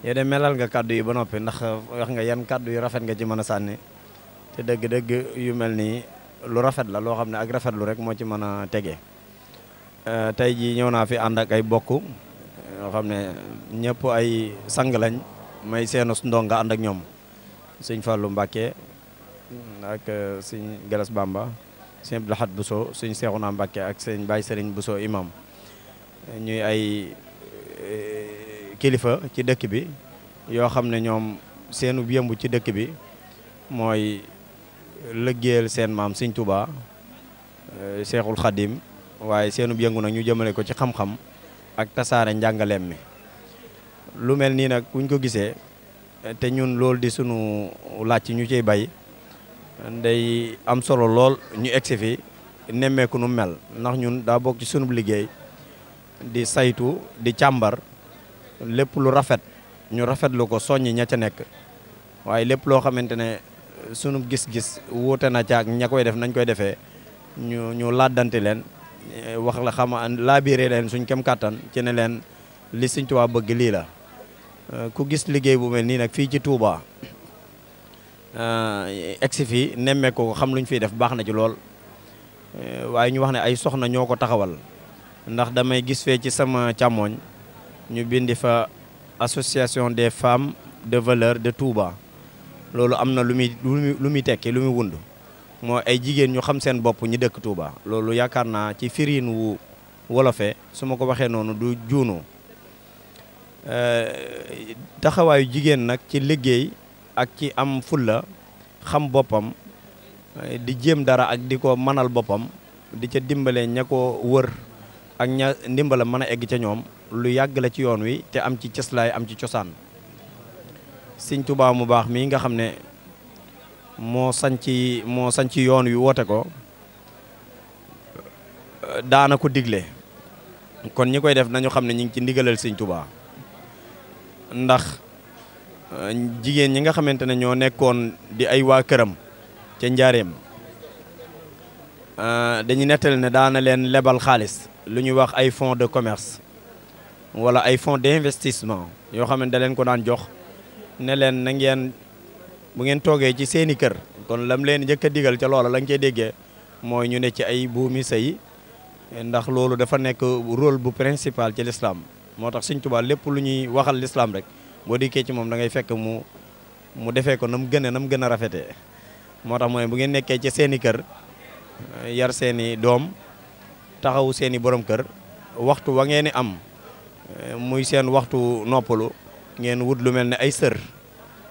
yow de melal nga kàddu yi ba noppi ndax wax nga yan kàddu yu rafet nga ci mën a sànni te dëgg-dëgg yu mel nii lu rafet la loo xam ne ak rafetlu rek moo ci mën a tegee euh, tey jii ñëw naa fi ànd ak ay bokk yoo xam ne ñëpp ay sang lañ may seenu ndonga ànd ak ñoom sëñ Fallou Mbacké ak euh, sëñ Galas Bamba sëñ Abdou Lahad Bousso sëñ Seexuna Mbacké ak sëñ Baye Serigne Bousso imam ñuy ay kilifa ci dëkk bi yoo xam ne ñoom seenu yëmb ci dëkk bi mooy lëggéeyal seen maam Sëñ Tuubaa eh, Seexul Xadim waaye seenu yëngu nag ñu jëmale ko ci xam-xam ak tasaare njàngaleem mi lu mel nii nag buñ ko gisee te ñun lool di sunu laaj ñu ciy bay day am solo lool ñu egsi fi nemmeeku nu mel ndax ñun daa bokk ci sunu liggéey di saytu di càmbar lépp lu rafet ñu rafetlu ko soññ ña ca nekk waaye lépp loo xamante ne sunu gis-gis wuute na caag ña koy def nañ koy defee ñu ñu laaddanti leen eh, wax la xam laabiire leen suñ kem kàttan ci ne leen li Sëñ Tuubaa bëgg lii la eh, ku gis liggéey bu nii nag fii ci Touba eh, egsi fii nemmee ko xam luñ fiy def baax na ci lool waaye ñu wax ne ay soxna ñoo ko taxawal ndax damay gis fee ci sama càmmooñ ñu bindi fa association des femmes de valeur de Touba loolu am na lu muy lu muy tekki lu muy wund moo ay jigéen ñu xam seen bopp ñu dëkk Touba loolu yaakaar naa ci firin wu wolofe su ma ko waxee noonu du juunoo euh, taxawaayu jigéen nag ci liggéey ak ci am fulla xam boppam di jéem dara ak di ko manal boppam di ca dimbalee ña ko wër ak ña ndimbalam mën a egg ca ñoom lu yàgg la ci yoon wi te am ci cëslaay am ci cosaan sëñ Tuubaa mu baax mii nga xam ne moo sanci moo sanci yoon wi woote ko daana ko digle kon ñi koy def nañu xam ne ñi ngi ci ndigalal sëñ ndax eh, jigéen ñi nga xamante ne ñoo nekkoon di ay waa këram ca njaareem eh, dañu nettali ne daana leen lebal xaalis lu ñuy wax ay fonds de commerce wala ay fonds d'investissement yoo xam ne ko daan jox ne leen na ngeen bu ngeen toogee ci seeni kër kon lam leen njëkk a digal ca loola la nga cey déggee mooy ñu ne ci ay buumi sëy ndax loolu dafa nekk rôle bu principal ci l'islam moo tax Sëñ Tuubaa lépp lu ñuy waxal l'islam rek boo dikkee ci moom da ngay fekk mu mu defee ko na mu gën a na mu gën a rafetee moo tax mooy bu ngeen nekkee ci seeni kër yar seeni doom taxawu seen i borom kër waxtu wa ngeen am eh, muy seen waxtu noppalu ngeen wut lu mel ne ay sër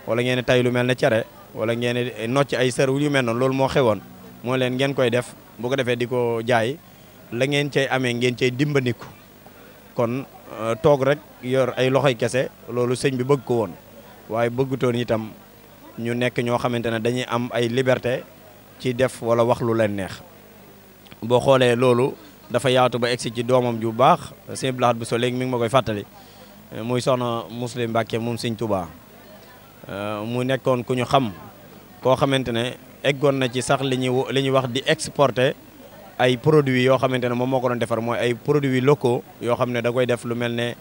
wala ngeen tay lu mel ne cere wala ngeen nocc ay sër yu mel noonu loolu moo xewoon moo leen ngeen koy def bu ko defee di jaay la ngeen cay amee ngeen cay dimbandiku kon eh, toog rek yor ay loxoy kese loolu sëñ bi bëgg ko woon waaye bëggutoon itam ñu nekk ñoo xamante ne dañuy am ay liberté ci def wala wax lu leen neex boo xoolee loolu dafa yaatu ba egsi ci doomam ju baax sëñ Blaat bu so léegi mi ngi ma koy fàttali muy soxna Muslim Mbàkke moom sëñ Tuubaa euh, mu nekkoon ku ñu xam koo xamante ne eggoon na ci sax li ñuy li ñuy wax di exporter ay produits yoo xamante ne moom moo ko doon defar mooy ay produit locaux yoo xam ne da koy def lu mel ne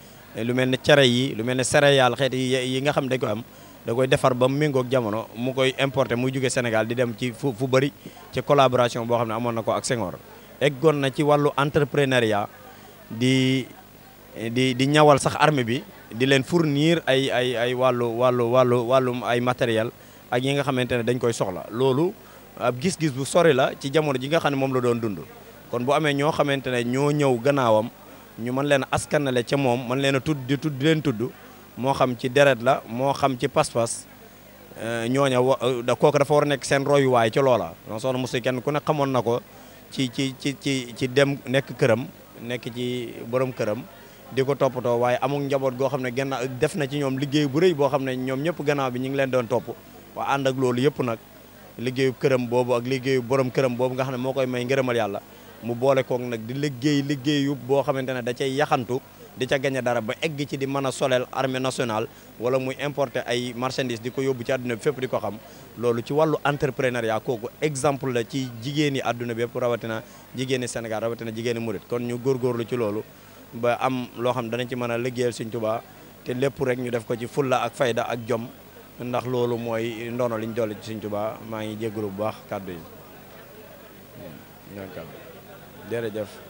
lu mel ne cere yi lu mel ne céréales xeet yi nga xam dañ koy am da koy defar ba mu méngoog jamono mu koy importer muy juge Sénégal di dem ci fu fu bëri ci collaboration boo xam ne amoon na ko ak Senghor eggoon na ci wàllu entrepreneuriat di di di ñawal sax armée bi di leen fournir ay ay ay wàllu wàllu wàllu ay matériel ak yi nga xamante ne dañ koy soxla loolu ab gis-gis bu sori la ci jamono ji nga xam ne moom la doon dund kon bu amee ñoo xamante ne ñoo ñëw gannaawam ñu mën leen askanale ca moom mën leen a tudd di tudd leen tudd moo xam ci deret la moo xam ci pas-pas eh, ñooña wa eh, kooku dafa war nekk seen royuwaay ci loola. donc soxna Moussa kenn ku ne xamoon na ko ci ci ci ci ci dem nekk këram nekk ci borom këram di ko toppatoo waaye amul njaboot goo xam ne gannaaw def na ci ñoom liggéey bu rëy boo xam ne ñoom ñëpp gannaaw bi ñu ngi leen doon topp waa ànd ak loolu yëpp nag liggéeyu këram boobu ak liggéeyu borom këram boobu nga xam ne moo koy may ngërëmal yàlla mu boole kook nag di liggéey liggéeyu boo xamante ne da cay yaxantu di ca gañe dara ba egg ci di mën a soleel armée nationale wala muy importer ay marchandises di ko yóbbu ci àdduna bi fépp di ko xam loolu ci wàllu entrepreneuriat kooku exemple la ci jigéen yi àdduna bi yëpp rawatina jigéeni Sénégal rawatina jigéeni Murit kon ñu góorgóorlu ci loolu ba am loo xam danañ ci mën a liggéeyal Sëñ Tuubaa te lépp rek ñu def ko ci fulla ak fayda ak jom ndax loolu mooy ndono liñ dolli ci Sëñ Tuubaa maa ngi jégalu bu baax kàddu yi jërëjëf